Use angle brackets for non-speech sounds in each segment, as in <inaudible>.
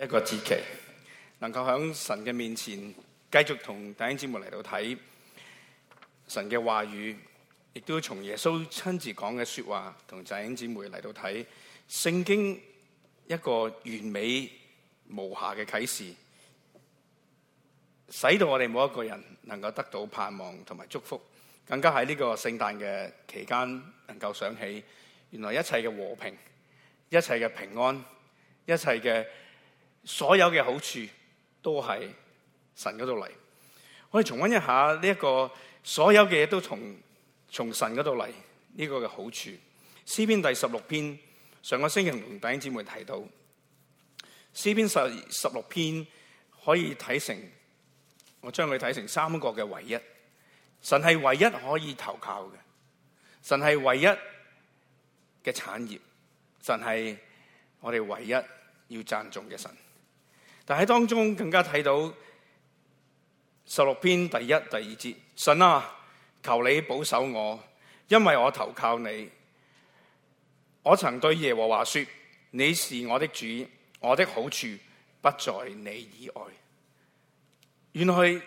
一個節期，能夠喺神嘅面前繼續同弟兄姐妹嚟到睇神嘅話語，亦都從耶穌親自講嘅說話同弟兄姐妹嚟到睇聖經一個完美無瑕嘅啟示，使到我哋每一個人能夠得到盼望同埋祝福。更加喺呢個聖誕嘅期間，能夠想起原來一切嘅和平、一切嘅平安、一切嘅。所有嘅好處都係神嗰度嚟。我哋重温一下呢一個所有嘅嘢，都從從神嗰度嚟呢個嘅好處。詩篇第十六篇，上個星期同弟兄姊妹提到，詩篇十十六篇可以睇成，我將佢睇成三個嘅唯一，神係唯一可以投靠嘅，神係唯一嘅產業，神係我哋唯一要讚頌嘅神。但喺當中更加睇到十六篇第一、第二節，神啊，求你保守我，因為我投靠你。我曾對耶和華說：你是我的主，我的好處不在你以外。原來。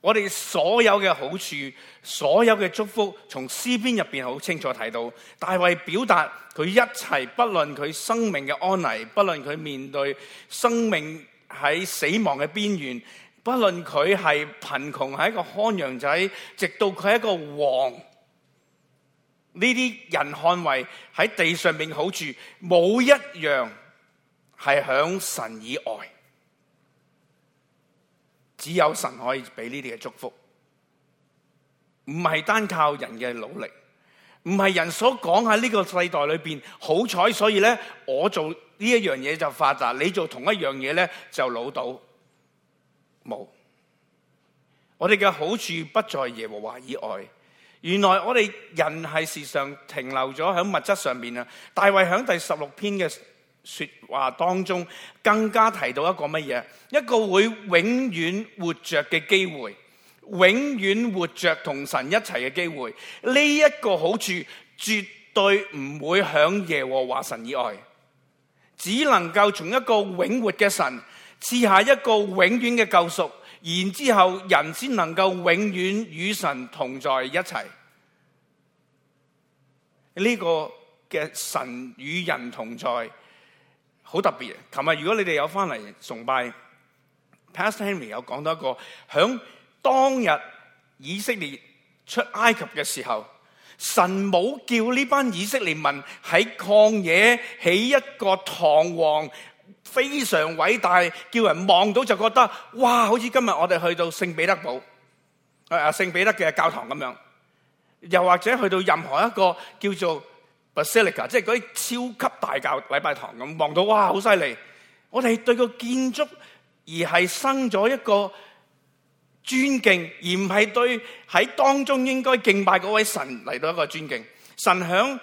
我哋所有嘅好處，所有嘅祝福，從詩篇入面好清楚看到。大衛表達佢一切，不論佢生命嘅安危，不論佢面對生命喺死亡嘅邊緣，不論佢是貧窮是一個看羊仔，直到佢係一個王，呢啲人看為喺地上面嘅好處，冇一樣是在神以外。只有神可以俾呢啲嘅祝福，唔係單靠人嘅努力，唔係人所講喺呢個世代裏邊好彩，所以咧我做呢一樣嘢就發達，你做同一樣嘢咧就老到，冇。我哋嘅好處不在耶和華以外，原來我哋人係時常停留咗喺物質上面啊！大衛喺第十六篇嘅說話當中更加提到一個乜嘢？一個會永遠活着嘅機會，永遠活着同神一齊嘅機會。呢、這、一個好處絕對唔會響耶和華神以外，只能夠從一個永活嘅神賜下一個永遠嘅救贖，然之後人先能夠永遠與神同在一齊。呢、這個嘅神與人同在。好特別，琴日如果你哋有翻嚟崇拜，Past Henry 有講到一個響當日以色列出埃及嘅時候，神冇叫呢班以色列民喺曠野起一個堂皇、非常偉大，叫人望到就覺得哇！好似今日我哋去到聖彼得堡，啊聖彼得嘅教堂咁樣，又或者去到任何一個叫做……巴塞利卡，即係嗰啲超級大教禮拜堂咁，望到哇，好犀利！我哋對個建築而係生咗一個尊敬，而唔係對喺當中應該敬拜嗰位神嚟，到一個尊敬。神響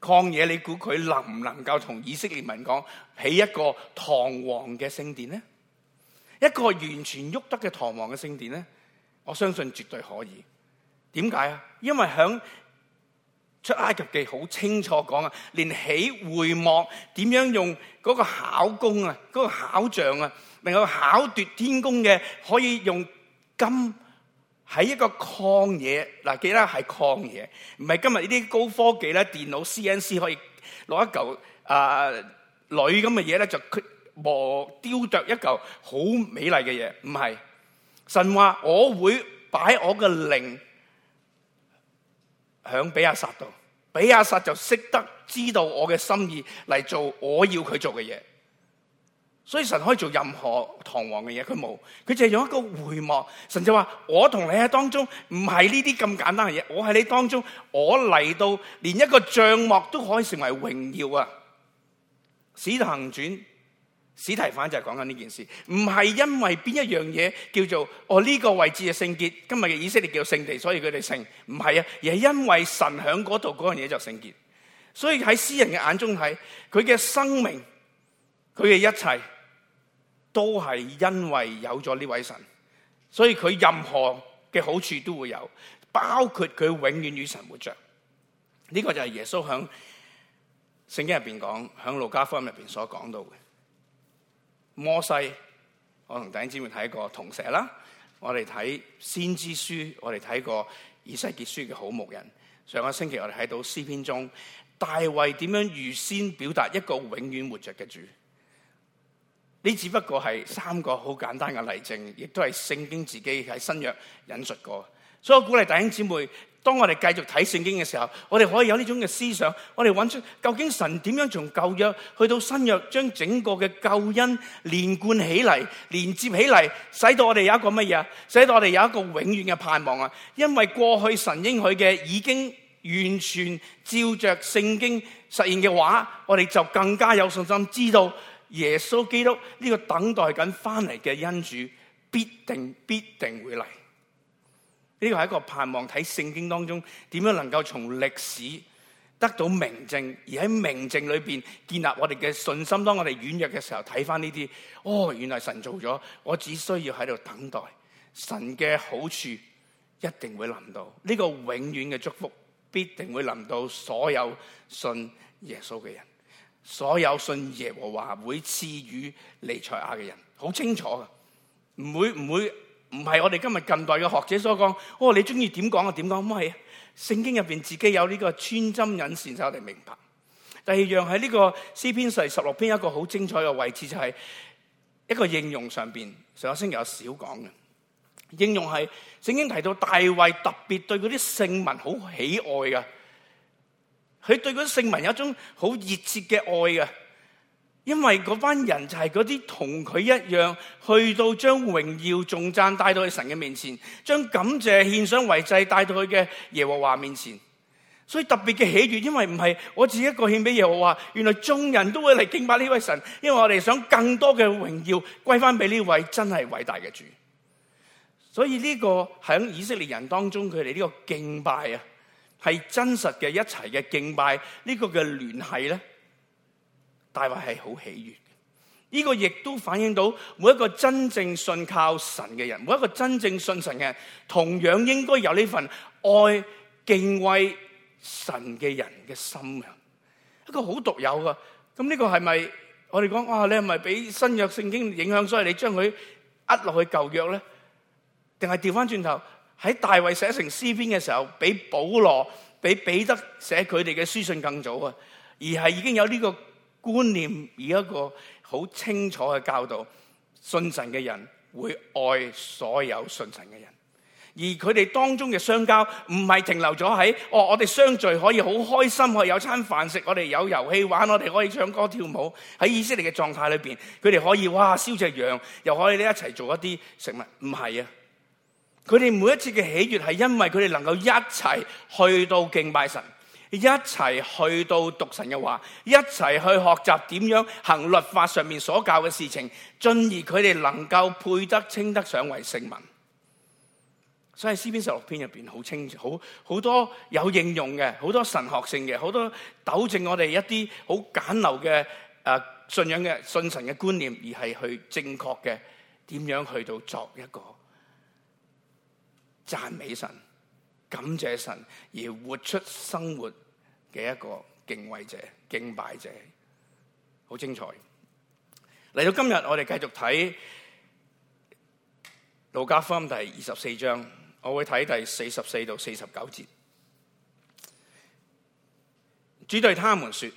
曠野，你估佢能唔能夠同以色列民講，起一個堂皇嘅聖殿呢？一個完全喐得嘅堂皇嘅聖殿呢？我相信絕對可以。點解啊？因為響出埃及記好清楚講啊，連起會幕點樣用嗰個巧工啊，嗰個巧匠啊，能夠巧奪天工嘅，可以用金喺一個曠野嗱，記得係曠野，唔係今日呢啲高科技咧，電腦 CNC 可以攞一嚿啊鋁咁嘅嘢咧，就磨雕琢一嚿好美麗嘅嘢，唔係神話，我會擺我嘅靈。喺比亞撒度，比亞撒就識得知道我嘅心意嚟做我要佢做嘅嘢，所以神可以做任何堂皇嘅嘢，佢冇，佢淨係用一個回望，神就話我同你喺當中，唔係呢啲咁簡單嘅嘢，我喺你當中，我嚟到連一個帳幕都可以成為榮耀啊，《使徒行傳》。史提反就係講緊呢件事，唔係因為邊一樣嘢叫做哦呢、這個位置嘅聖潔，今日嘅以色列叫聖地，所以佢哋聖，唔係啊，而係因為神喺嗰度，嗰樣嘢就聖潔。所以喺詩人嘅眼中睇，佢嘅生命，佢嘅一切，都係因為有咗呢位神，所以佢任何嘅好處都會有，包括佢永遠與神活着。呢、這個就係耶穌響聖經入邊講，響路加福音入邊所講到嘅。摩西，我同弟兄姊妹睇過銅蛇啦。我哋睇先知書，我哋睇過以西結書嘅好牧人。上個星期我哋睇到詩篇中大衛點樣預先表達一個永遠活着嘅主。呢只不過係三個好簡單嘅例證，亦都係聖經自己喺新約引述過。所以我鼓勵弟兄姊妹。當我哋繼續睇聖經嘅時候，我哋可以有呢種嘅思想，我哋揾出究竟神點樣從舊約去到新約，將整個嘅救恩連貫起嚟，連接起嚟，使到我哋有一個乜嘢？使到我哋有一個永遠嘅盼望。因為過去神應許嘅已經完全照着聖經實現嘅話，我哋就更加有信心，知道耶穌基督呢個等待緊翻嚟嘅恩主，必定必定會嚟。.呢個係一個盼望，睇聖經當中點樣能夠從歷史得到明證，而喺明證裏邊建立我哋嘅信心。當我哋軟弱嘅時候，睇翻呢啲，哦，原來神做咗，我只需要喺度等待神嘅好處，一定會臨到。呢、這個永遠嘅祝福必定會臨到所有信耶穌嘅人，所有信耶和華會賜予彌賽亞嘅人，好清楚噶，唔會唔會。不會唔係我哋今日近代嘅學者所講，哦，你中意點講就點講，唔、嗯、係。聖經入邊自己有呢個穿針引線，使我哋明白。第二樣喺呢個詩篇十六篇一個好精彩嘅位置，就係、是、一個應用上邊，上一星期有少講嘅應用係聖經提到大衛特別對嗰啲聖民好喜愛嘅，佢對嗰啲聖民有一種好熱切嘅愛嘅。因為嗰班人就係嗰啲同佢一樣，去到將榮耀頌讚帶到去神嘅面前，將感謝獻上為祭帶到佢嘅耶和華面前，所以特別嘅喜悅，因為唔係我自己一個獻俾耶和華，原來眾人都會嚟敬拜呢位神，因為我哋想更多嘅榮耀歸翻俾呢位真係偉大嘅主，所以呢個喺以色列人當中，佢哋呢個敬拜啊，係真實嘅一齊嘅敬拜，呢個嘅聯繫咧。大衛係好喜悅，呢個亦都反映到每一個真正信靠神嘅人，每一個真正信神嘅人，同樣應該有呢份愛敬畏神嘅人嘅心啊！一個好獨有噶咁呢個係咪我哋講哇？你係咪俾新約聖經影響，所以你將佢呃落去舊約咧？定係調翻轉頭喺大衛寫成詩篇嘅時候，比保羅、比彼得寫佢哋嘅書信更早啊！而係已經有呢個。觀念以一個好清楚嘅教導，信神嘅人會愛所有信神嘅人，而佢哋當中嘅相交唔係停留咗喺，哦，我哋相聚可以好開心，可以有餐飯食，我哋有遊戲玩，我哋可以唱歌跳舞喺以色列嘅狀態裏面，佢哋可以哇燒隻羊，又可以一齊做一啲食物，唔係啊！佢哋每一次嘅喜悦係因為佢哋能夠一齊去到敬拜神。一齊去到讀神嘅話，一齊去學習點樣行律法上面所教嘅事情，進而佢哋能夠配得稱得上為聖民。所以詩篇十六篇入面好清，好清楚，好多有應用嘅，好多神學性嘅，好多糾正我哋一啲好簡陋嘅誒、呃、信仰嘅信神嘅觀念，而係去正確嘅點樣去到作一個讚美神。感謝神而活出生活嘅一個敬畏者、敬拜者，好精彩！嚟到今日，我哋繼續睇路加福音第二十四章，我會睇第四十四到四十九節。主對他們說：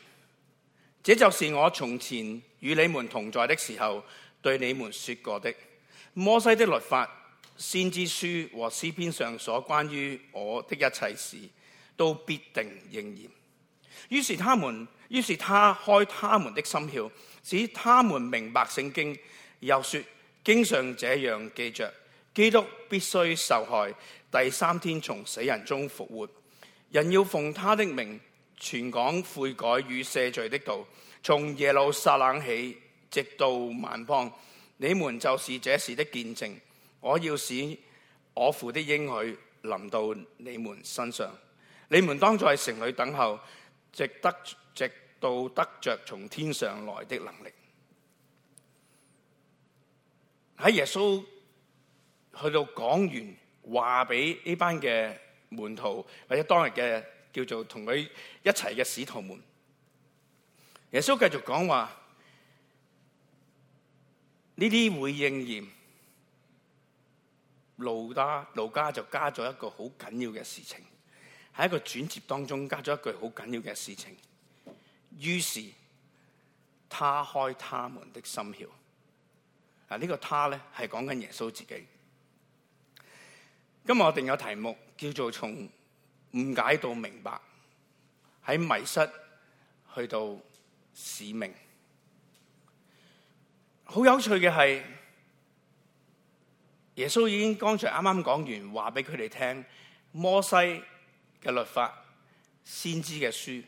「這就是我從前與你們同在的時候對你們說過的，摩西的律法，先知書和詩篇上所關於我的一切事，都必定應驗。於是他們，於是他開他們的心竅，使他們明白聖經。又說：經常這樣記着，基督必須受害，第三天從死人中復活。人要奉他的名傳講悔改與赦罪的道，從耶路撒冷起，直到萬邦。你們就是這事的見證。我要使我父的應許臨到你們身上，你們當在城裏等候直，直到得着從天上來的能力。喺耶穌去到講完話畀呢班嘅門徒，或者當日嘅叫做同佢一齊嘅使徒們，耶穌繼續講話：呢啲會應驗。路加路加就加咗一個好緊要嘅事情，喺一個轉折當中加咗一句好緊要嘅事情。於是，他開他們的心竅。啊，呢個他咧係講緊耶穌自己。今日我哋有題目叫做從誤解到明白，喺迷失去到使命。好有趣嘅係。耶穌已經剛才啱啱講完，話俾佢哋聽，摩西嘅律法，先知嘅書，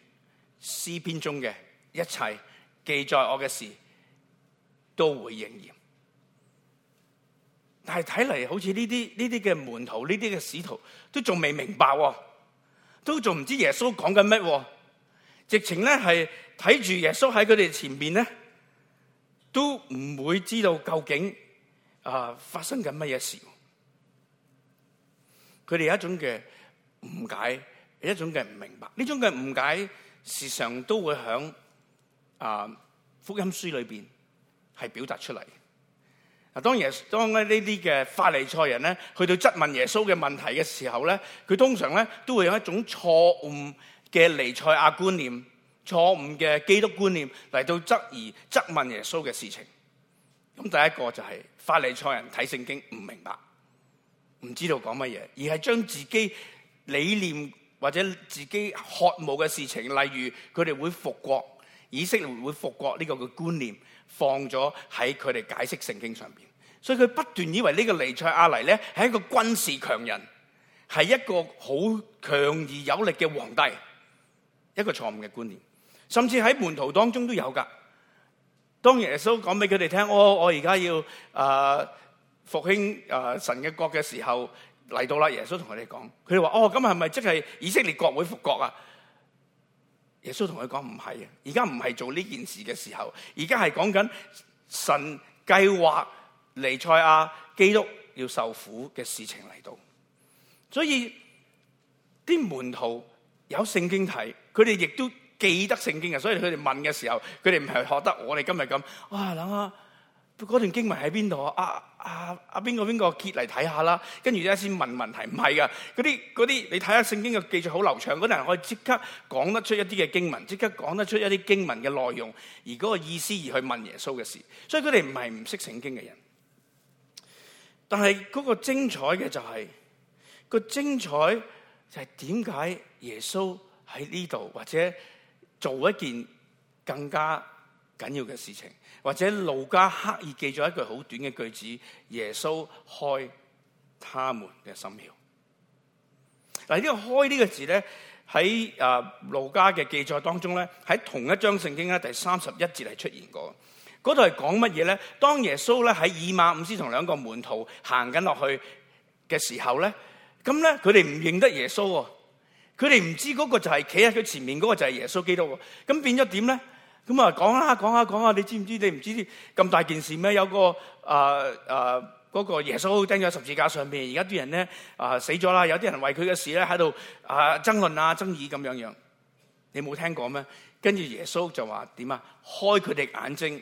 詩篇中嘅一切記載我嘅事，都會應驗。但係睇嚟好似呢啲，呢啲嘅門徒，呢啲嘅使徒都仲未明白，啊，都仲唔知道耶穌講緊乜，啊，直情咧係睇住耶穌喺佢哋前面都唔會知道究竟。啊！發生緊乜嘢事？佢哋有一種嘅誤解，有一種嘅唔明白。呢種嘅誤解時常都會響啊福音書裏邊係表達出嚟。嗱，當耶穌當咧呢啲嘅法利賽人咧去到質問耶穌嘅問題嘅時候咧，佢通常咧都會有一種錯誤嘅彌賽亞觀念、錯誤嘅基督觀念嚟到質疑、質問耶穌嘅事情。咁第一個就係、是、法利賽人睇聖經唔明白，唔知道講乜嘢，而係將自己理念或者自己渴慕嘅事情，例如佢哋會復國，以色列會復國呢個嘅觀念，放咗喺佢哋解釋聖經上面。所以佢不斷以為呢個彌賽亞黎咧係一個軍事強人，係一個好強而有力嘅皇帝，一個錯誤嘅觀念，甚至喺門徒當中都有㗎。當耶穌講俾佢哋聽，我我而家要啊復、呃、興啊、呃、神嘅國嘅時候嚟到啦。耶穌同佢哋講，佢哋話哦，咁係咪即係以色列國會復國啊？耶穌同佢講唔係啊，而家唔係做呢件事嘅時候，而家係講緊神計劃彌賽亞基督要受苦嘅事情嚟到。所以啲門徒有聖經睇，佢哋亦都。記得聖經嘅，所以佢哋問嘅時候，佢哋唔係學得我哋今日咁。哇、哎，諗下嗰段經文喺邊度啊？啊啊啊！邊個邊個揭嚟睇下啦？跟住而家先問問題，唔係噶。嗰啲啲，你睇下聖經嘅記敘好流暢，嗰啲人可以即刻講得出一啲嘅經文，即刻講得出一啲經文嘅內容，而嗰個意思而去問耶穌嘅事。所以佢哋唔係唔識聖經嘅人，但係嗰個精彩嘅就係、個精彩就係點解耶穌喺呢度或者？做一件更加緊要嘅事情，或者路加刻意記咗一句好短嘅句子：耶穌開他們嘅心竅。嗱，呢個開呢個字咧，喺啊路加嘅記載當中咧，喺同一章聖經咧第三十一節係出現過。嗰度係講乜嘢咧？當耶穌咧喺以馬忤斯同兩個門徒行緊落去嘅時候咧，咁咧佢哋唔認得耶穌喎。佢哋唔知嗰個就係企喺佢前面嗰個就係耶穌基督喎，咁變咗點咧？咁啊講啊講下講下，你知唔知？你唔知啲咁大件事咩？有個啊啊嗰個耶穌釘咗十字架上面，而家啲人咧啊、呃、死咗啦！有啲人為佢嘅事咧喺度啊爭論啊爭議咁樣樣，你冇聽過咩？跟住耶穌就話點啊？開佢哋眼睛，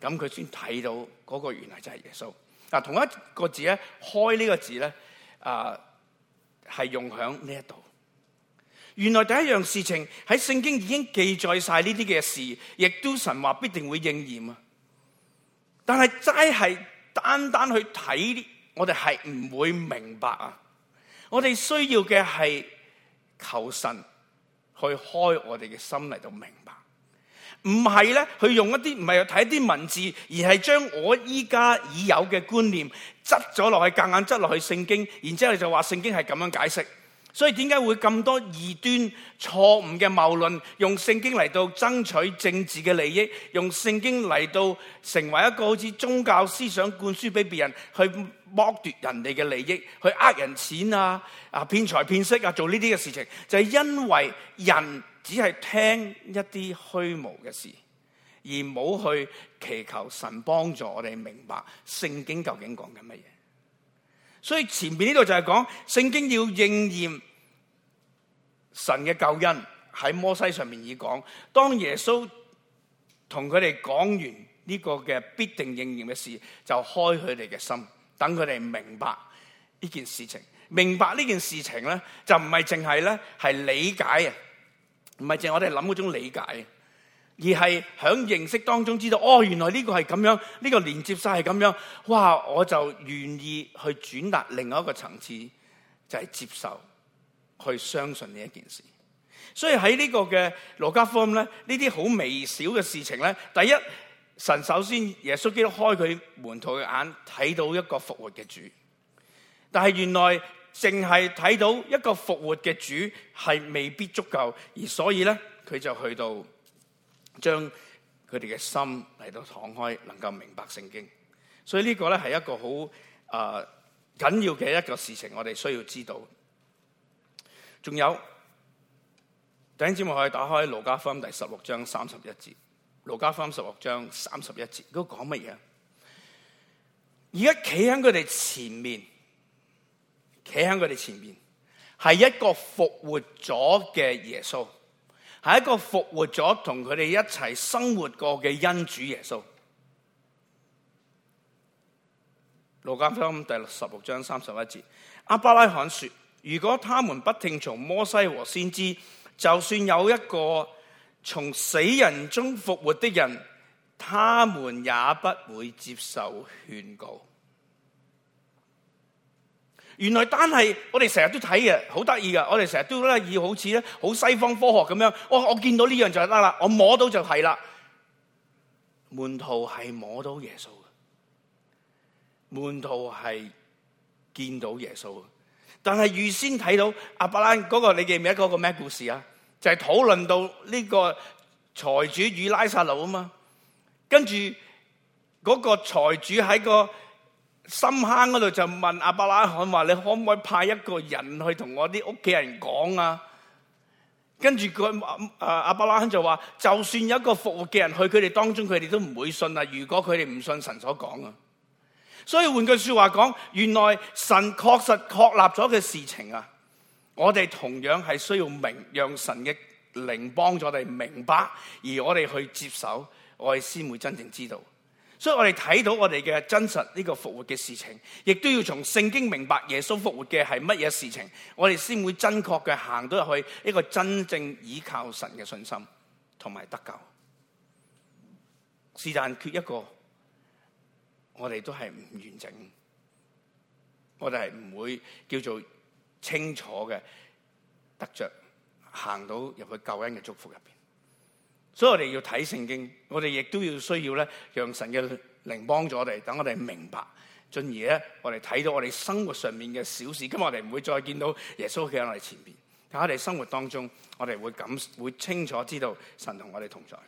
咁佢先睇到嗰個原來就係耶穌。嗱、啊、同一個字咧，開呢個字咧啊係用喺呢一度。原來第一樣事情喺聖經已經記載曬呢啲嘅事，亦都神話必定會應驗啊！但係齋係單單去睇，我哋係唔會明白啊！我哋需要嘅係求神去開我哋嘅心嚟到明白，唔係咧去用一啲唔係去睇一啲文字，而係將我依家已有嘅觀念執咗落去，夾硬執落去聖經，然之後就話聖經係咁樣解釋。所以點解會咁多異端、錯誤嘅謬論，用聖經嚟到爭取政治嘅利益，用聖經嚟到成為一個好似宗教思想灌輸俾別人，去剝奪人哋嘅利益，去呃人錢啊，啊騙財騙色啊，做呢啲嘅事情，就係因為人只係聽一啲虛無嘅事，而冇去祈求神幫助我哋明白聖經究竟講緊乜嘢。所以前面呢度就係講聖經要應驗神嘅救恩喺摩西上面已講，當耶穌同佢哋講完呢個嘅必定應驗嘅事，就開佢哋嘅心，等佢哋明白呢件事情。明白呢件事情咧，就唔係淨係咧係理解啊，唔係淨係我哋諗嗰種理解。而係喺認識當中知道，哦，原來呢個係咁樣，呢個連接晒係咁樣，哇！我就願意去轉達另外一個層次，就係接受，去相信呢一件事。所以喺呢個嘅路加福音咧，呢啲好微小嘅事情咧，第一神首先耶穌基督開佢門徒嘅眼，睇到一個復活嘅主。但係原來淨係睇到一個復活嘅主係未必足夠，而所以咧佢就去到。將佢哋嘅心嚟到敞開，能夠明白聖經，所以呢個咧係一個好啊緊要嘅一個事情，我哋需要知道。仲有，弟兄姊妹可以打開《路加福音》第十六章三十一節，《路加福音》十六章三十一節，佢講乜嘢？而家企喺佢哋前面，企喺佢哋前面，係一個復活咗嘅耶穌。是一個復活咗同佢哋一齊生活過嘅恩主耶穌。路加福音第十六章三十一節，亞伯拉罕說：如果他們不聽從摩西和先知，就算有一個從死人中復活的人，他們也不會接受勸告。原來單係我哋成日都睇嘅，好得意嘅。我哋成日都咧以好似咧好西方科學咁樣，我、哦、我見到呢樣就得啦，我摸到就係啦。門徒係摸到耶穌嘅，門徒係見到耶穌嘅，但係預先睇到阿伯拉嗰，那個你記唔記得嗰個咩故事啊？就係、是、討論到呢個財主與拉撒路啊嘛，跟住嗰個財主喺個深坑嗰度就問阿伯拉罕話：你可唔可以派一個人去同我啲屋企人講啊？跟住佢阿阿伯拉罕就話：就算有一個復活嘅人去佢哋當中，佢哋都唔會信啊！如果佢哋唔信神所講啊，所以換句話說話講，原來神確實確立咗嘅事情啊，我哋同樣係需要明，讓神嘅靈幫助我哋明白，而我哋去接受，我哋先會真正知道。所以我哋睇到我哋嘅真實呢個復活嘅事情，亦都要從聖經明白耶穌復活嘅係乜嘢事情，我哋先會真確嘅行到入去一個真正依靠神嘅信心和，同埋得救。是但缺一個，我哋都係唔完整，我哋係唔會叫做清楚嘅得着行到入去救恩嘅祝福入面。所以我哋要睇聖經，我哋亦都要需要咧，讓神嘅靈幫助我哋，等我哋明白，進而咧我哋睇到我哋生活上面嘅小事。今日我哋唔會再見到耶穌企喺我哋前邊。但係我哋生活當中，我哋會感會清楚知道神同我哋同在。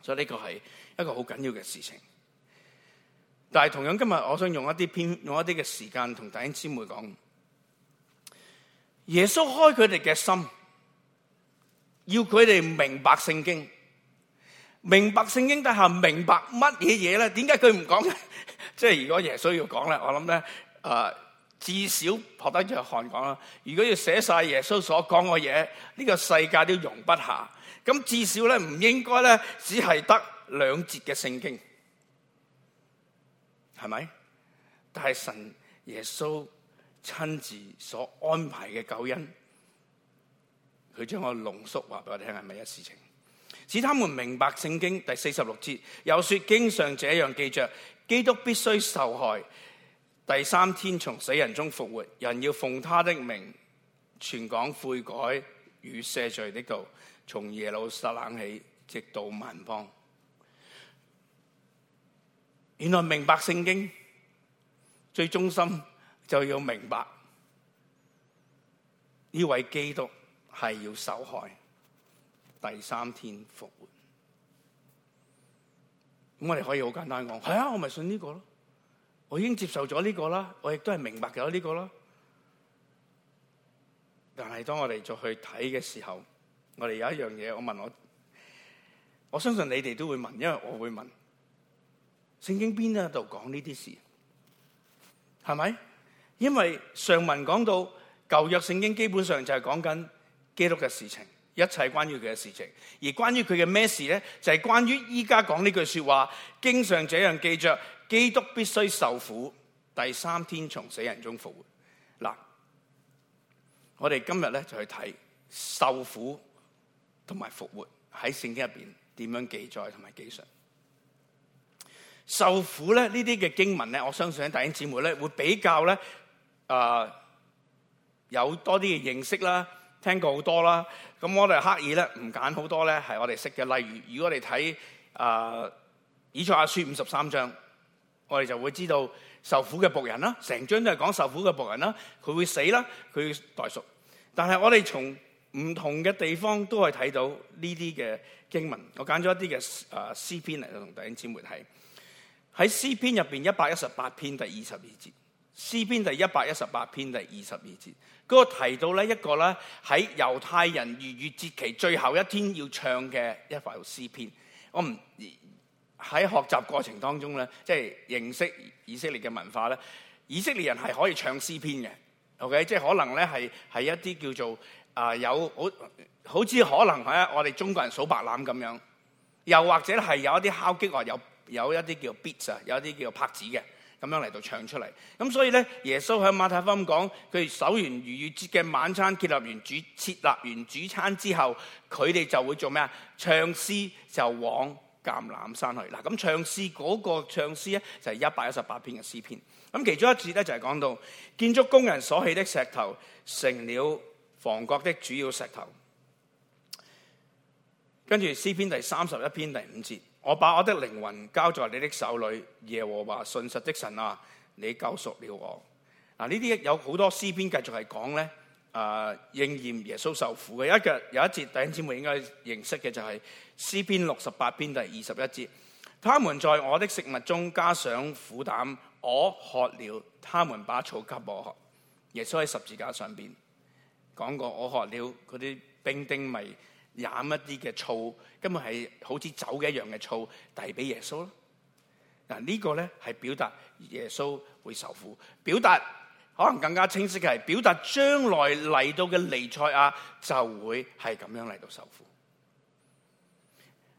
所以呢個係一個好緊要嘅事情。但係同樣今日，我想用一啲偏用一啲嘅時間，同弟兄姊妹講，耶穌開佢哋嘅心，要佢哋明白聖經。明白聖經底下明白乜嘢嘢咧？點解佢唔講咧？ <laughs> 即係如果耶穌要講咧，我諗咧，誒、呃，至少學得着韓講啦。如果要寫晒耶穌所講嘅嘢，呢、這個世界都容不下。咁至少咧，唔應該咧，只係得兩節嘅聖經，係咪？但係神耶穌親自所安排嘅救恩，佢將我濃縮話俾我聽係乜嘢事情？使他們明白聖經，第四十六節有說：經上這樣記着，基督必須受害，第三天從死人中復活。人要奉他的名傳講悔改與赦罪的道，從耶路撒冷起直到萬邦。原來明白聖經最中心就要明白，呢位基督係要受害。第三天復活，咁我哋可以好簡單講，係啊，我咪信呢個咯，我已經接受咗呢個啦，我亦都係明白咗呢個啦。但係當我哋再去睇嘅時候，我哋有一樣嘢，我問我，我相信你哋都會問，因為我會問，聖經邊一度講呢啲事，係咪？因為上文講到舊約聖經基本上就係講緊基督嘅事情。一切關於佢嘅事情，而關於佢嘅咩事咧？就係、是、關於依家講呢句說話，經常這樣記着：基督必須受苦，第三天從死人中復活。嗱，我哋今日咧就去睇受苦同埋復活喺聖經入邊點樣記載同埋記述。受苦咧，呢啲嘅經文咧，我相信啲弟兄姊妹咧會比較咧啊、呃、有多啲嘅認識啦。聽過好多啦，咁我哋刻意咧唔揀好多咧係我哋識嘅。例如，如果我哋睇啊以賽亞書五十三章，我哋就會知道受苦嘅僕人啦，成章都係講受苦嘅僕人啦，佢會死啦，佢會代贖。但係我哋從唔同嘅地方都係睇到呢啲嘅經文。我揀咗一啲嘅啊詩篇嚟同弟兄姊妹睇。喺詩篇入邊一百一十八篇第二十二節。詩篇第一百一十八篇第二十二節，嗰個提到咧一個咧喺猶太人逾越節期最後一天要唱嘅一塊詩篇。我唔喺學習過程當中咧，即係認識以色列嘅文化咧。以色列人係可以唱詩篇嘅，OK？即係可能咧係係一啲叫做啊有好，好似可能咧我哋中國人數白欖咁樣，又或者係有一啲敲擊樂，有有一啲叫 beats 啊，有一啲叫拍子嘅。咁樣嚟到唱出嚟，咁所以呢，耶穌喺馬太福音講佢守完逾越節嘅晚餐，建立完主設立完主餐之後，佢哋就會做咩啊？唱詩就往橄欖山去。嗱，咁唱詩嗰、那個唱詩呢，就係一百一十八篇嘅詩篇。咁其中一節呢，就係、是、講到，建築工人所起的石頭成了房角的主要石頭。跟住詩篇第三十一篇第五節。我把我的靈魂交在你的手裏，耶和華信實的神啊，你救贖了我。嗱，呢啲有好多詩篇繼續係講咧，啊、呃、應驗耶穌受苦嘅。有一有一節弟兄姊妹應該認識嘅就係、是、詩篇六十八篇第二十一節，他們在我的食物中加上苦膽，我喝了，他們把草給我喝。耶穌喺十字架上邊講過，我喝了嗰啲冰丁味。飲一啲嘅醋，根本係好似酒嘅一樣嘅醋，遞俾耶穌咯。嗱，呢個咧係表達耶穌會受苦，表達可能更加清晰嘅，係表達將來嚟到嘅彌賽亞就會係咁樣嚟到受苦。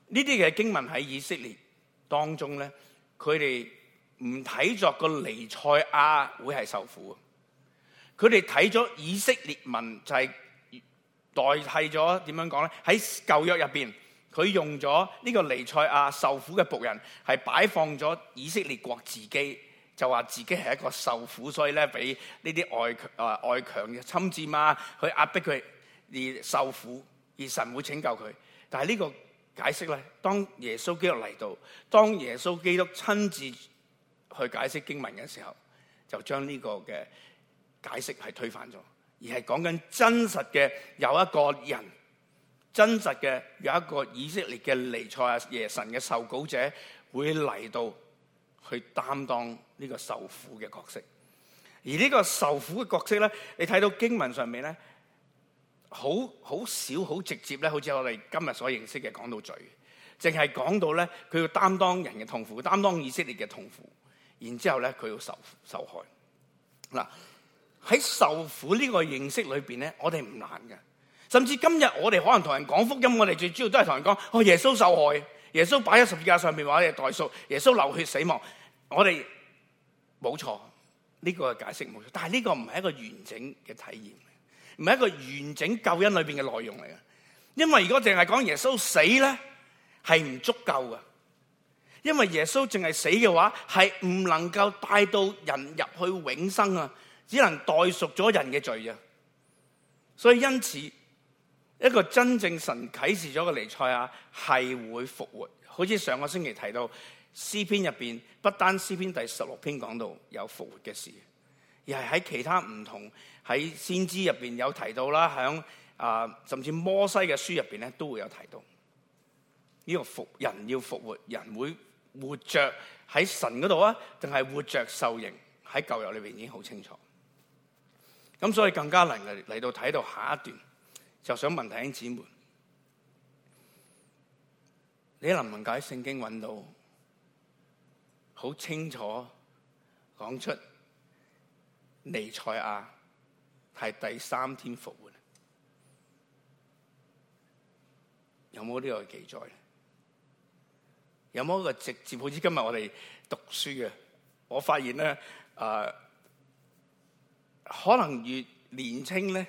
呢啲嘅經文喺以色列當中咧，佢哋唔睇作個彌賽亞會係受苦啊，佢哋睇咗以色列文就係、是。代替咗點樣講咧？喺舊約入邊，佢用咗呢個尼賽亞受苦嘅僕人，係擺放咗以色列國自己，就話自己係一個受苦，所以呢，俾呢啲外強外強嘅侵佔啊，去壓迫佢而受苦，而神會拯救佢。但係呢個解釋呢，當耶穌基督嚟到，當耶穌基督親自去解釋經文嘅時候，就將呢個嘅解釋係推翻咗。而係講緊真實嘅有一個人，真實嘅有一個以色列嘅尼賽阿耶神嘅受膏者，會嚟到去擔當呢個受苦嘅角色。而呢個受苦嘅角色咧，你睇到經文上面咧，好好少好直接咧，好似我哋今日所認識嘅講到罪，淨係講到咧佢要擔當人嘅痛苦，擔當以色列嘅痛苦，然之後咧佢要受受害嗱。喺受苦呢個認識裏邊咧，我哋唔難嘅。甚至今日我哋可能同人講福音，我哋最主要都係同人講：哦，耶穌受害，耶穌擺喺十字架上面話你代贖，耶穌流血死亡。我哋冇錯，呢、呢個解釋冇錯。但係呢個唔係一個完整嘅體驗，唔係一個完整救恩裏邊嘅內容嚟嘅。因為如果淨係講耶穌死咧，係唔足夠嘅。因為耶穌淨係死嘅話，係唔能夠帶到人入去永生啊。只能代贖咗人嘅罪啊！所以因此，一個真正神啟示咗嘅彌賽亞係會復活。好似上個星期提到詩篇入邊，不單詩篇第十六篇講到有復活嘅事，而係喺其他唔同喺先知入邊有提到啦，響啊甚至摩西嘅書入邊咧都會有提到呢個復人要復活，人會活着喺神嗰度啊，定係活着受刑？喺舊約裏邊已經好清楚。咁所以更加嚟嚟嚟到睇到下一段，就想問弟兄姊妹，你能唔能喺聖經揾到好清楚講出彌賽亞係第三天復活？有冇呢有個記載？有冇有一個直接好似今日我哋讀書嘅？我發現呢。誒、呃。可能越年輕咧，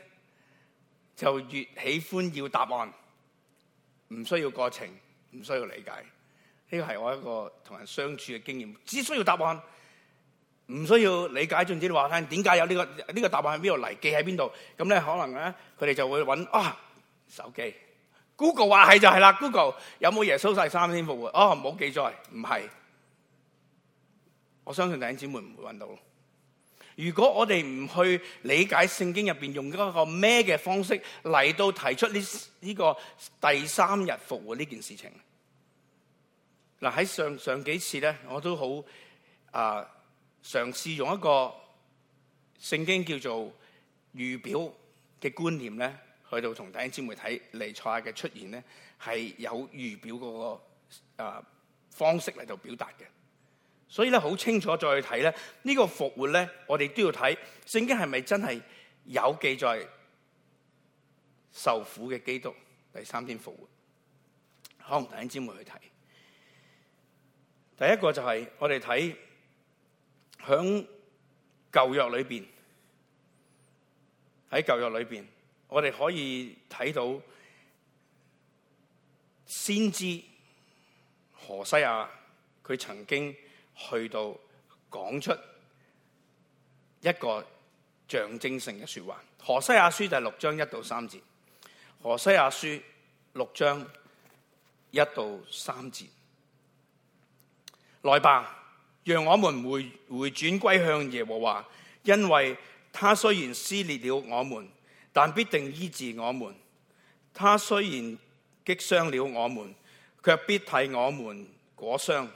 就越喜歡要答案，唔需要過程，唔需要理解。呢個係我一個同人相處嘅經驗，只需要答案，唔需要理解。仲有你話聽，點解有呢、呢個呢、呢個答案喺邊度嚟？記喺邊度？咁、嗯、咧，可能咧，佢哋就會揾啊、哦，手機，Google 話係就係啦，Google 有冇耶穌晒三天復活？哦，唔好記載，唔係，我相信弟兄姊妹唔會揾到。如果我哋唔去理解聖經入邊用一個咩嘅方式嚟到提出呢呢、這個第三日復活呢件事情在，嗱喺上上幾次咧，我都好啊、呃、嘗試用一個聖經叫做預表嘅觀念咧，去到同弟兄姊妹睇嚟賽嘅出現咧，係有預表嗰、那個啊、呃、方式嚟到表達嘅。所以呢，好清楚再去睇咧，呢、這個復活呢，我哋都要睇聖經係咪真係有記載受苦嘅基督第三天復活？可唔可以專門去睇？第一個就係我哋睇響舊約裏面。喺舊約裏面，我哋可以睇到先知何西亞佢曾經。去到講出一個象徵性嘅說話，《何西阿書》第六章一到三節，《何西阿書》六章一到三節。來吧，讓我們回回轉歸向耶和華，因為他雖然撕裂了我們，但必定醫治我們；他雖然擊傷了我們，卻必替我們裹傷。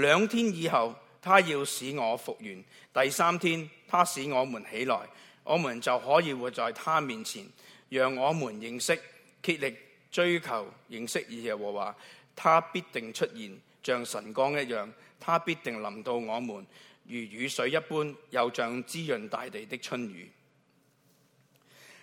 兩天以後，他要使我復原；第三天，他使我們起來，我們就可以活在他面前，讓我們認識竭力追求認識耶和華。他必定出現，像晨光一樣；他必定臨到我們，如雨水一般，又像滋潤大地的春雨。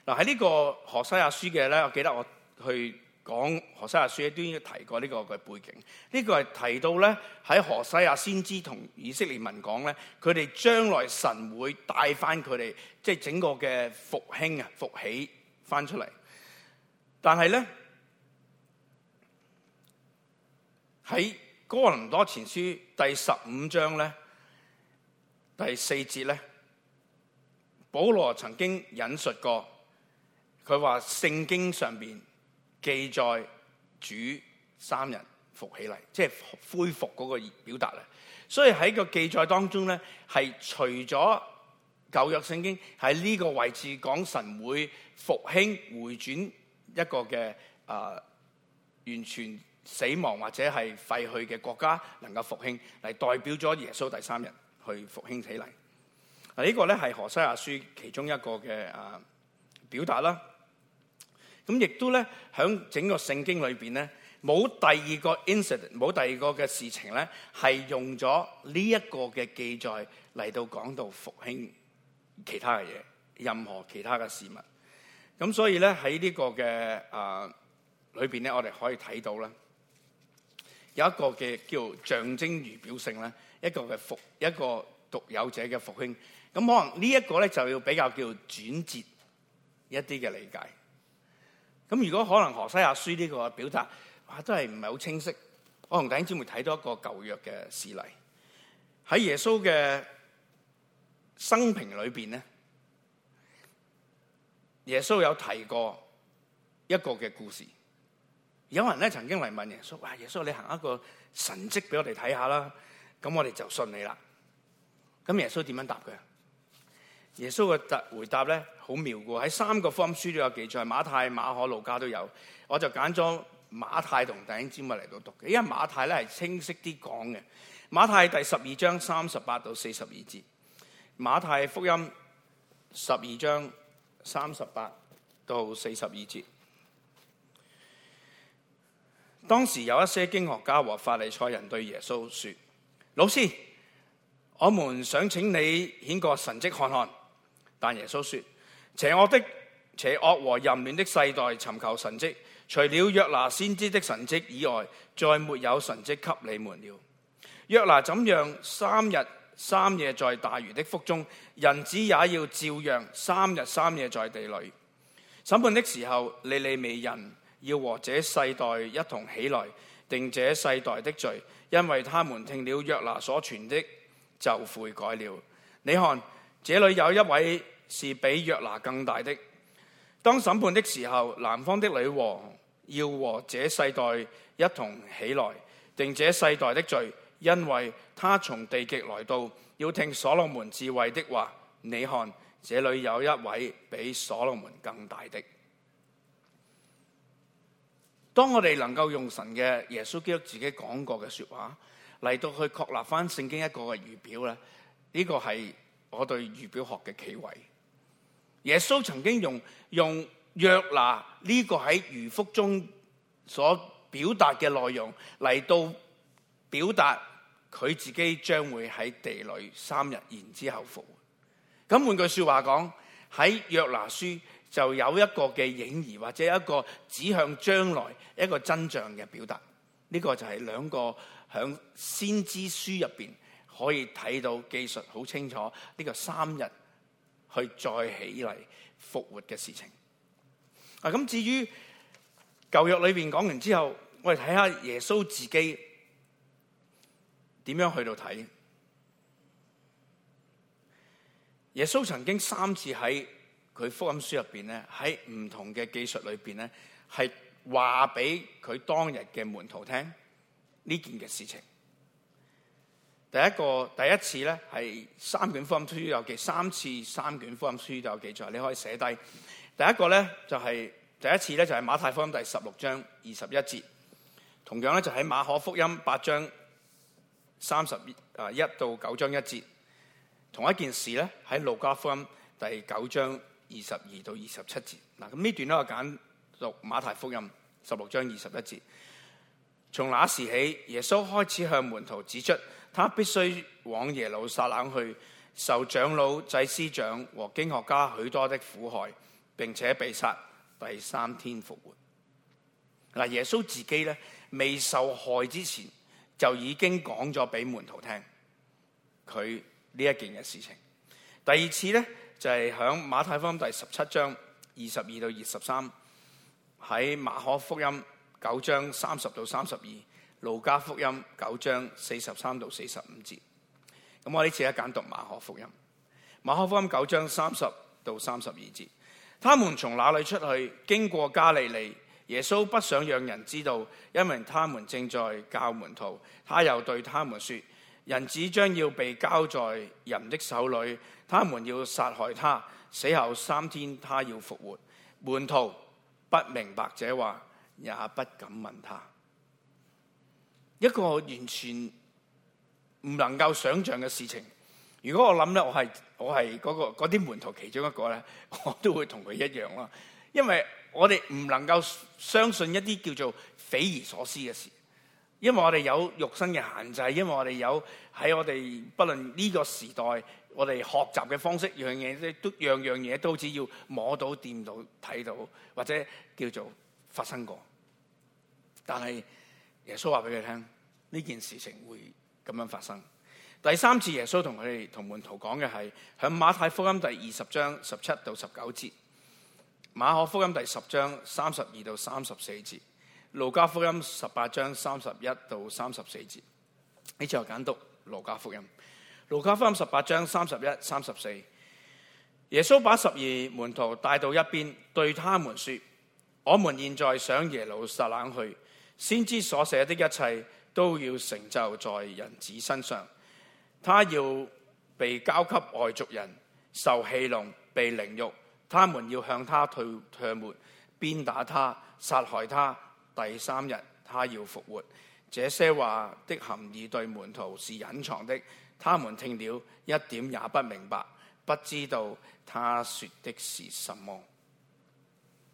嗱，喺呢個何西阿書嘅咧，我記得我去。講何西亞書都應該提過呢個嘅背景，呢個係提到咧喺何西亞先知同以色列民講咧，佢哋將來神會帶翻佢哋，即係整個嘅復興啊、復起翻出嚟。但係咧喺哥林多前書第十五章咧第四節咧，保羅曾經引述過，佢話聖經上面。記載主三人復起嚟，即係恢復嗰個表達咧。所以喺個記載當中咧，係除咗舊約聖經喺呢個位置講神會復興回轉一個嘅啊完全死亡或者係廢去嘅國家，能夠復興嚟代表咗耶穌第三日去復興起嚟。嗱，呢個咧係何西亞書其中一個嘅啊表達啦。咁亦都咧，響整個聖經裏邊咧，冇第二個 incident，冇第二個嘅事情咧，係用咗呢一個嘅記載嚟到講到復興其他嘅嘢、任何其他嘅事物。咁所以咧喺呢個嘅啊、呃、裏邊咧，我哋可以睇到啦，有一個嘅叫做象徵預表性啦，一個嘅復一個獨有者嘅復興，咁可能呢一個咧就要比較叫做轉折一啲嘅理解。咁如果可能《何西阿書》呢個表達，哇，都係唔係好清晰。我同弟兄姊妹睇到一個舊約嘅事例，喺耶穌嘅生平裏邊咧，耶穌有提過一個嘅故事。有人咧曾經嚟，問耶穌：哇，耶穌你行一個神迹俾我哋睇下啦，咁我哋就信你啦。咁耶穌點樣答佢？耶穌嘅回答很好妙嘅，喺三個福音書都有記載，馬太、馬可、路加都有。我就揀咗馬太同但丁詹姆嚟到讀，因為馬太呢係清晰啲講嘅。馬太第十二章三十八到四十二節，馬太福音十二章三十八到四十二節。當時有一些經學家和法利賽人對耶穌說：「老師，我們想請你顯個神跡看看。」但耶穌說：邪惡的、邪惡和淫亂的世代尋求神蹟，除了約拿先知的神蹟以外，再沒有神蹟給你們了。約拿怎樣三日三夜在大魚的腹中，人子也要照樣三日三夜在地裏。審判的時候，利利未人要和這世代一同起來定這世代的罪，因為他們聽了約拿所傳的就悔改了。你看，這裡有一位。是比約拿更大的。當審判的時候，南方的女王要和這世代一同起來定這世代的罪，因為她從地極來到，要聽所羅門智慧的話。你看，這裡有一位比所羅門更大的。當我哋能夠用神嘅耶穌基督自己講過嘅說話嚟到去確立翻聖經一個嘅預表咧，呢個係我對預表學嘅企位。耶穌曾經用用約拿呢個喺魚腹中所表達嘅內容嚟到表達佢自己將會喺地裏三日然之後復。咁換句說話講，喺約拿書就有一個嘅影兒，或者一個指向將來一個真相嘅表達。呢、這個就係兩個響先知書入邊，可以睇到記述好清楚呢、這個三日。去再起嚟復活嘅事情。啊，咁至於舊約裏邊講完之後，我哋睇下耶穌自己點樣去到睇。耶穌曾經三次喺佢福音書入邊咧，喺唔同嘅記述裏邊咧，係話俾佢當日嘅門徒聽呢件嘅事情。第一個，第一次咧係三卷福音書有記，三次，三卷福音書就有記載，你可以寫低。第一個咧就係、是、第一次咧就係馬太福音第十六章二十一節，同樣咧就喺馬可福音八章三十啊一到九章一節，同一件事咧喺路加福音第九章二十二到二十七節。嗱，咁呢段咧我揀讀馬太福音十六章二十一節。從那時起，耶穌開始向門徒指出。他必須往耶路撒冷去，受長老、祭司長和經學家許多的苦害，並且被殺，第三天復活。嗱，耶穌自己咧未受害之前就已經講咗俾門徒聽佢呢一件嘅事情。第二次咧就係響馬太福音第十七章二十二到二十三，喺馬可福音九章三十到三十二。路加福音九章四十三到四十五節，咁我呢次一揀讀馬可福音，馬可福音九章三十到三十二節，他們從哪裡出去？經過加利利，耶穌不想讓人知道，因為他們正在教門徒。他又對他們說：人子將要被交在人的手裡，他們要殺害他，死後三天他要復活。門徒不明白這話，也不敢問他。一個完全唔能夠想象嘅事情，如果我諗咧，我係我係嗰啲門徒其中一個咧，我都會同佢一樣咯。因為我哋唔能夠相信一啲叫做匪夷所思嘅事，因為我哋有肉身嘅限制，因為我哋有喺我哋，不論呢個時代，我哋學習嘅方式，樣樣嘢都樣樣嘢都只要摸到、掂到、睇到，或者叫做發生過，但係。耶穌話俾佢聽呢件事情會咁樣發生。第三次耶穌同佢哋同門徒講嘅係喺馬太福音第二十章十七到十九節，馬可福音第十章三十二到三十四節，路加福音十八章三十一到三十四節。呢次我簡讀路加福音，路加福音十八章三十一三十四，34, 耶穌把十二門徒帶到一邊，對他們說：，我們現在想耶路撒冷去。先知所寫的一切都要成就在人子身上，他要被交給外族人受戲弄，被凌辱，他們要向他吐唾沫、鞭打他、殺害他。第三日他要復活。這些話的含義對門徒是隱藏的，他們聽了一點也不明白，不知道他說的是什麼。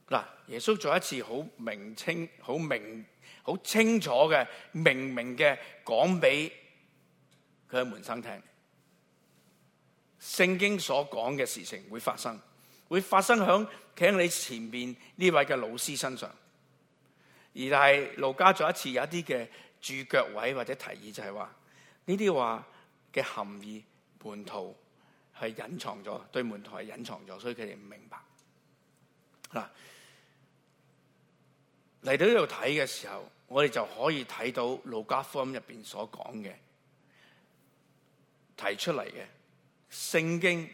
嗱，耶穌再一次好明清、好明。好清楚嘅，明明嘅講俾佢嘅門生聽，聖經所講嘅事情會發生，會發生響企喺你前邊呢位嘅老師身上，而係路加再一次有一啲嘅注腳位或者提議，就係話呢啲話嘅含義門徒係隱藏咗，對門徒係隱藏咗，所以佢哋唔明白嗱。嚟到呢度睇嘅時候，我哋就可以睇到《路加福音》入邊所講嘅提出嚟嘅聖經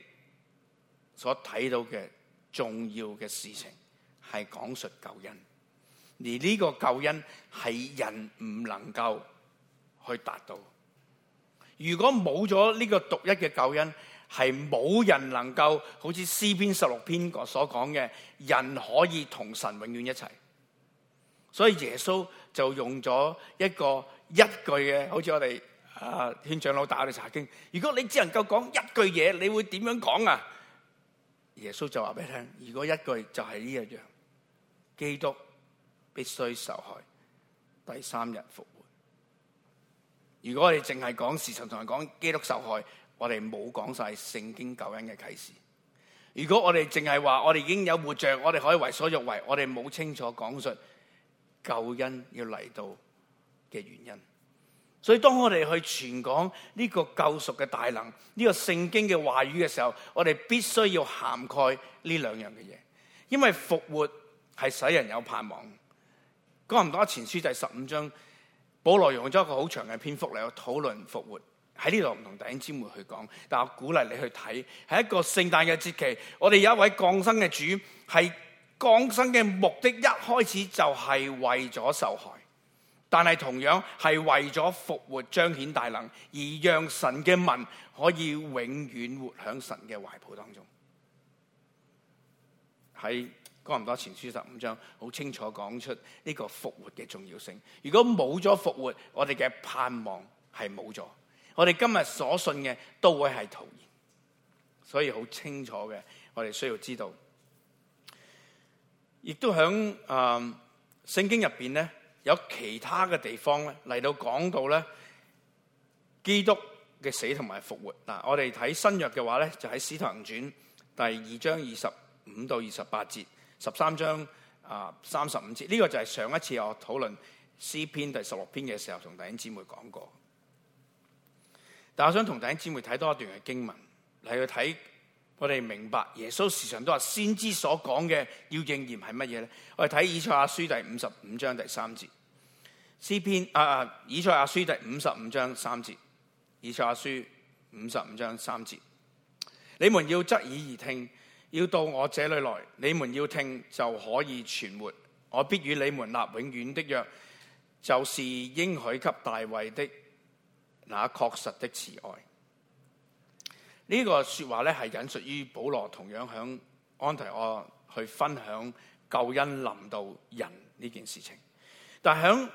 所睇到嘅重要嘅事情，係講述救恩。而呢個救恩係人唔能夠去達到。如果冇咗呢個獨一嘅救恩，係冇人能夠好似《詩篇》十六篇個所講嘅，人可以同神永遠一齊。所以耶穌就用咗一個一句嘅，好似我哋啊勸長老打我哋查經。如果你只能夠講一句嘢，你會點樣講啊？耶穌就話俾你聽：如果一句就係呢一樣，基督必須受害、第三日復活。如果我哋淨係講時辰，同人講基督受害，我哋冇講晒聖經救恩嘅啟示。如果我哋淨係話我哋已經有活着，我哋可以為所欲為，我哋冇清楚講述。救恩要嚟到嘅原因，所以當我哋去傳講呢個救贖嘅大能，呢個聖經嘅話語嘅時候，我哋必須要涵蓋呢兩樣嘅嘢，因為復活係使人有盼望。哥林多前書第十五章，保羅用咗一個好長嘅篇幅嚟去討論復活。喺呢度唔同弟兄姊妹去講，但係我鼓勵你去睇，係一個聖誕嘅節期，我哋有一位降生嘅主係。降生嘅目的一開始就係為咗受害，但係同樣係為咗復活彰顯大能，而讓神嘅民可以永遠活喺神嘅懷抱當中。喺哥林多前書十五章，好清楚講出呢個復活嘅重要性。如果冇咗復活，我哋嘅盼望係冇咗，我哋今日所信嘅都會係徒然。所以好清楚嘅，我哋需要知道。亦都喺啊聖經入邊呢，有其他嘅地方咧嚟到講到咧基督嘅死同埋復活嗱、啊，我哋睇新約嘅話呢，就喺《使徒行傳》第二章二十五到二十八節，十三章啊三十五節，呢、這個就係上一次我討論詩篇第十六篇嘅時候同弟兄姊妹講過。但我想同弟兄姊妹睇多一段嘅經文嚟去睇。我哋明白耶穌時常都話先知所講嘅要應驗係乜嘢呢？我哋睇以賽亞書第五十五章第三節。詩篇啊，以賽亞書第五十五章三節。以賽亞書五十五章三節。你們要側耳而聽，要到我這裏來。你們要聽就可以存活。我必與你們立永遠的約，就是應許給大衛的那確實的慈愛。呢個說話咧，係引述於保羅同樣響安提阿去分享救恩臨到人呢件事情，但係響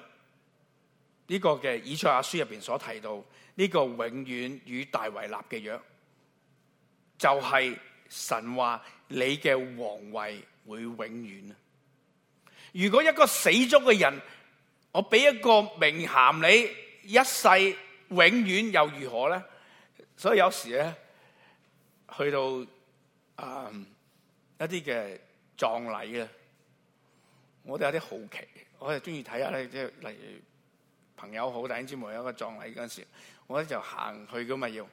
呢個嘅以賽亞書入邊所提到呢個永遠與大衛立嘅約，就係神話你嘅王位會永遠。如果一個死咗嘅人，我俾一個名銜你一世永遠又如何咧？所以有時咧。去到啊、嗯、一啲嘅葬禮啊，我都有啲好奇，我係中意睇下咧，即係例如朋友好大英之母有個葬禮嗰陣時，我咧就行去咁嘛要。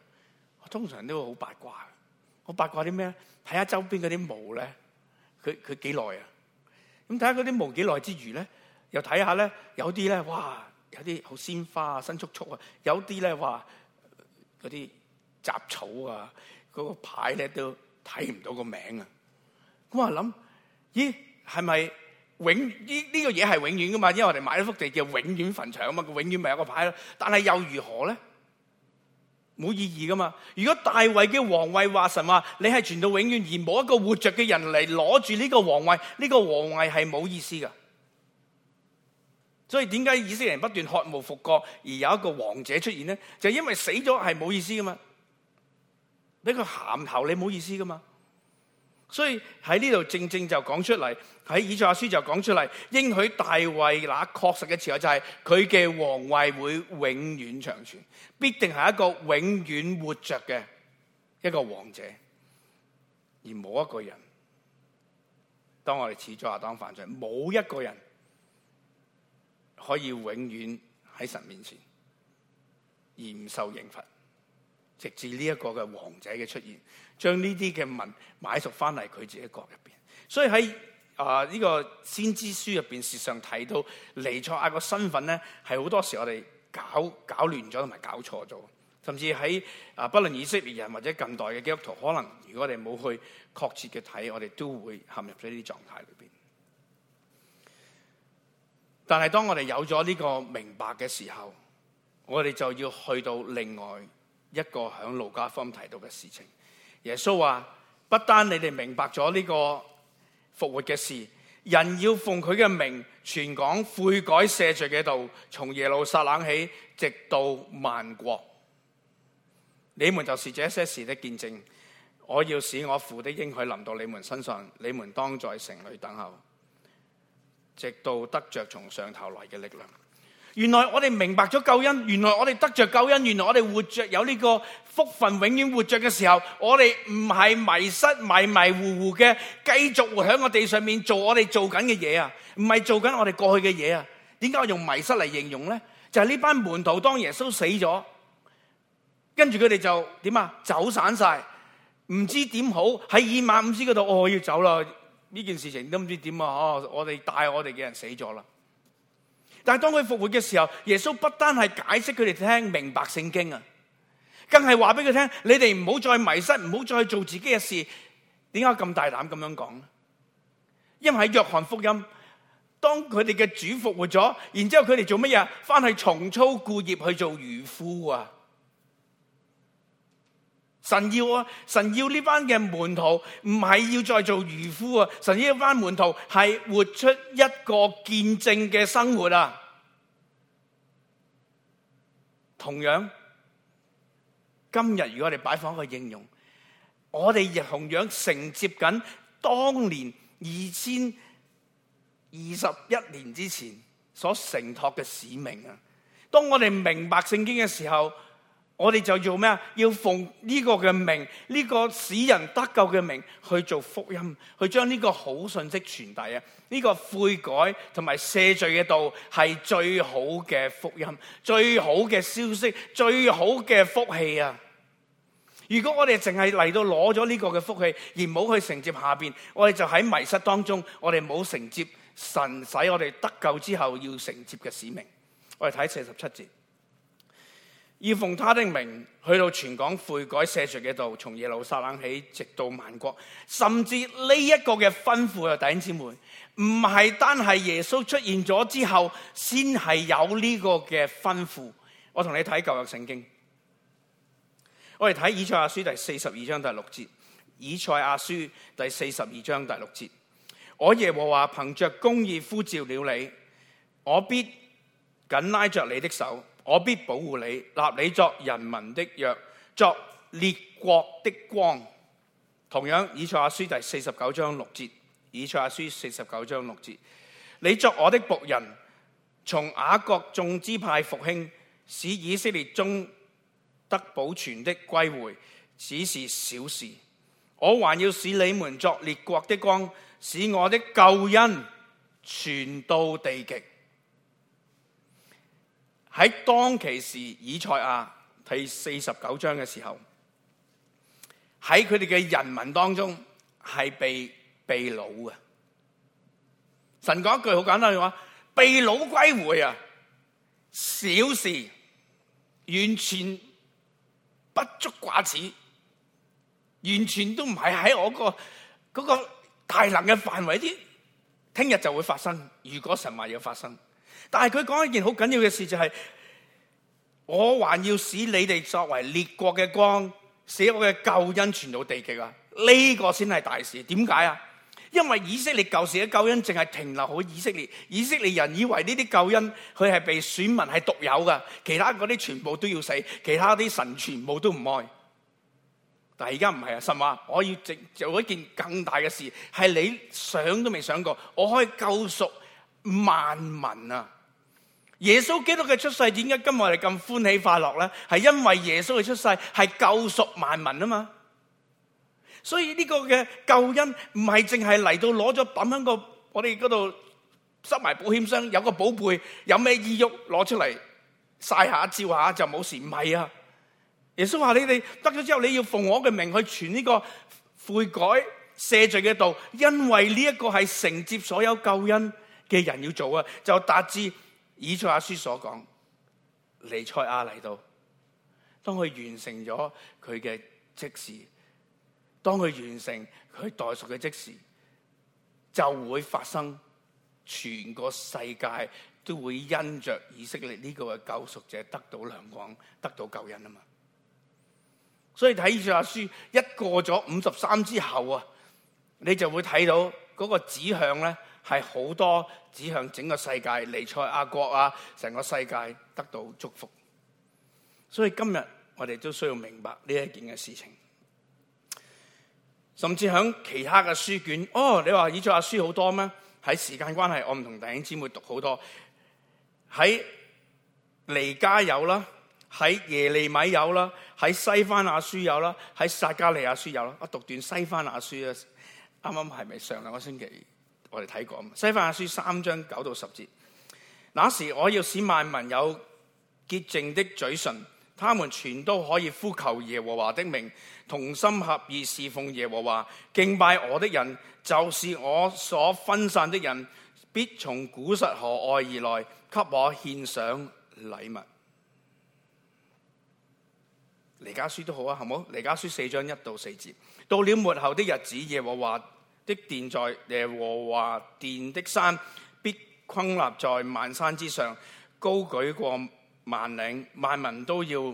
通常都會好八卦，好八卦啲咩？睇下周邊嗰啲墓咧，佢佢幾耐啊？咁睇下嗰啲墓幾耐之餘咧，又睇下咧有啲咧哇，有啲好鮮花啊，新簇簇啊，有啲咧話，嗰啲雜草啊。嗰個牌咧都睇唔到個名啊！我話諗，咦、欸，係咪永呢呢、呢個嘢係永遠噶嘛？因為我哋買咗幅地叫永遠墳場啊嘛，佢永遠咪有個牌咯。但係又如何咧？冇意義噶嘛！如果大衛嘅王位話神話，你係傳到永遠而冇一個活着嘅人嚟攞住呢個王位，呢、呢個王位係冇意思噶。所以點解以色列人不斷渴慕復國而有一個王者出現咧？就是、因為死咗係冇意思噶嘛。一個咸頭你冇意思噶嘛，所以喺呢度正正就講出嚟，喺以賽亞書就講出嚟，應許大衛那確實嘅承諾就係佢嘅王位會永遠長存，必定係一個永遠活着嘅一個王者，而冇一個人，當我哋始祖亞當犯罪，冇一個人可以永遠喺神面前而唔受刑罰。直至呢一個嘅王者嘅出現，將呢啲嘅文買贖翻嚟佢自己國入邊。所以喺啊呢個先知書入邊，事實上睇到彌賽亞個身份咧，係好多時候我哋搞搞亂咗同埋搞錯咗。甚至喺啊、呃、不論以色列人或者近代嘅基督徒，可能如果我哋冇去確切嘅睇，我哋都會陷入咗呢啲狀態裏邊。但係當我哋有咗呢個明白嘅時候，我哋就要去到另外，一個響路加福音提到嘅事情，耶穌話：不單你哋明白咗呢個復活嘅事，人要奉佢嘅名，全港悔改赦罪嘅道，從耶路撒冷起，直到萬國，你們就是這些事的見證。我要使我父的應許臨到你們身上，你們當在城裏等候，直到得着從上頭來嘅力量。原來我哋明白咗救恩，原來我哋得着救恩，原來我哋活着有呢個福分，永遠活着嘅時候，我哋唔係迷失迷迷糊糊嘅，繼續喺個地上面做我哋做緊嘅嘢啊，唔係做緊我哋過去嘅嘢啊。點解我用迷失嚟形容呢？就係呢班門徒當耶穌死咗，跟住佢哋就點啊？走散晒，唔知點好。喺以馬忤斯嗰度，哦，要走啦！呢件事情都唔知點啊！哦，我哋帶我哋嘅人死咗啦。但當佢復活的時候，耶穌不單是解釋佢哋聽明白聖經啊，更係話俾佢聽：你哋唔好再迷失，唔好再做自己嘅事。點解咁大膽咁樣講？因為喺約翰福音，當佢哋嘅主復活咗然後佢哋做乜嘢？返去重操舊業去做漁夫。神要啊！神要呢班嘅門徒唔係要再做漁夫啊！神要呢班門徒係活出一個見證嘅生活啊！同樣，今日如果我哋擺放一個應用，我哋亦同樣承接緊當年二千二十一年之前所承托嘅使命啊！當我哋明白聖經嘅時候。我哋就要咩啊？要奉呢個嘅名，呢個使人得救嘅名去做福音，去將呢個好信息傳遞啊！呢個悔改同埋赦罪嘅道係最好嘅福音，最好嘅消息，最好嘅福氣啊！如果我哋淨係嚟到攞咗呢個嘅福氣，而冇去承接下邊，我哋就喺迷失當中，我哋冇承接神使我哋得救之後要承接嘅使命。我哋睇四十七節。要奉他的名去到全港悔改，赦罪嘅道，從耶路撒冷起，直到萬國。甚至呢一個嘅吩咐啊，弟兄姊妹，唔係單係耶穌出現咗之後先係有呢個嘅吩咐。我同你睇舊約聖經，我哋睇以賽亞書第四十二章第六節。以賽亞書第四十二章第六節，我耶和華憑着公義呼召了你，我必緊拉着你的手。我必保護你，立你作人民的約，作列國的光。同樣，以賽亞書第四十九章六節，以賽亞書四十九章六節，你作我的僕人，從雅各眾支派復興，使以色列中得保存的歸回，只是小事。我還要使你們作列國的光，使我的救恩傳到地極。喺當其時以賽亞第四十九章嘅時候，喺佢哋嘅人民當中係被被擄嘅。神講一句好簡單嘅話：被擄，擄歸回啊，小事，完全不足掛齒，完全都唔係喺我的，嗰個嗰個大能嘅範圍之。聽日就會發生，如果神話要發生。但係佢講一件好緊要嘅事，就係我還要使你哋作為列國嘅光，使我嘅救恩傳到地極呀，呢個先係大事。點解呀？因為以色列舊時嘅救恩淨係停留喺以色列，以色列人以為呢啲救恩佢係被選民係獨有㗎，其他嗰啲全部都要死，其他啲神全部都唔愛。但現在不是，而家唔係呀，神話，我要做一件更大嘅事，係你想都未想過，我可以救贖萬民呀。耶穌基督嘅出世，點解今日我哋咁歡喜快樂咧？係因為耶穌嘅出世係救贖萬民啊嘛。所以呢個嘅救恩唔係淨係嚟到攞咗抌喺個我哋嗰度，塞埋保險箱有個寶貝，有咩意欲攞出嚟晒下照下就冇事，唔係啊。耶穌話你哋得咗之後你要奉我嘅名去傳呢個悔改赦罪嘅道，因為呢一個係承接所有救恩嘅人要做啊，就達至。以賽亞書所講，彌賽亞嚟到，當佢完成咗佢嘅職事，當佢完成佢代贖嘅職事，就會發生全個世界都會因着以色列呢個嘅救贖者得到亮光，得到救恩啊嘛！所以睇住阿書一過咗五十三之後啊，你就會睇到嗰個指向咧。係好多指向整個世界彌賽亞國啊，成個世界得到祝福。所以今日我哋都需要明白呢一件嘅事情，甚至喺其他嘅書卷，哦，你話以賽亞書好多咩？喺時間關係，我唔同弟兄姊妹讀好多。喺彌迦有啦，喺耶利米有啦，喺西番雅書有啦，喺撒迦利亞書有啦。我讀一段西番雅書啊，啱啱係咪上兩個星期？我哋睇過《西番雅書》三章九到十節，那時我要使萬民有潔淨的嘴唇，他們全都可以呼求耶和華的名，同心合意侍奉耶和華，敬拜我的人就是我所分散的人，必從古實河外而來，給我獻上禮物。彌迦書都好啊，係咪？彌迦書四章一到四節，到了末後的日子，耶和華的殿在耶和華殿的山，必矗立在萬山之上，高舉過萬嶺。萬民都要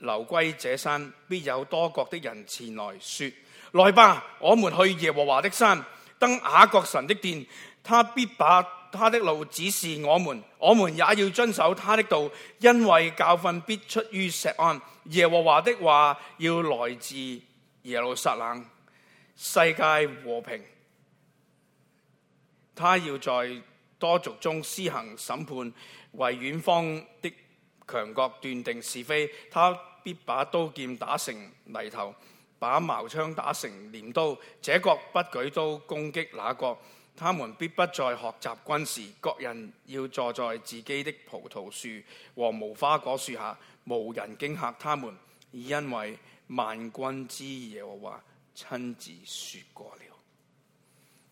流歸這山。必有多國的人前來說：來吧，我們去耶和華的山，登雅各神的殿。他必把他的路指示我們，我們也要遵守他的道，因為教訓必出於錫安。耶和華的話要來自耶路撒冷。世界和平。他要在多族中施行審判，為遠方的強國斷定是非。他必把刀劍打成犁頭，把矛槍打成鐮刀。這國不舉刀攻擊那國，他們必不再學習軍事。各人要坐在自己的葡萄樹和無花果樹下，無人驚嚇他們，因為萬軍之耶和華親自説過了，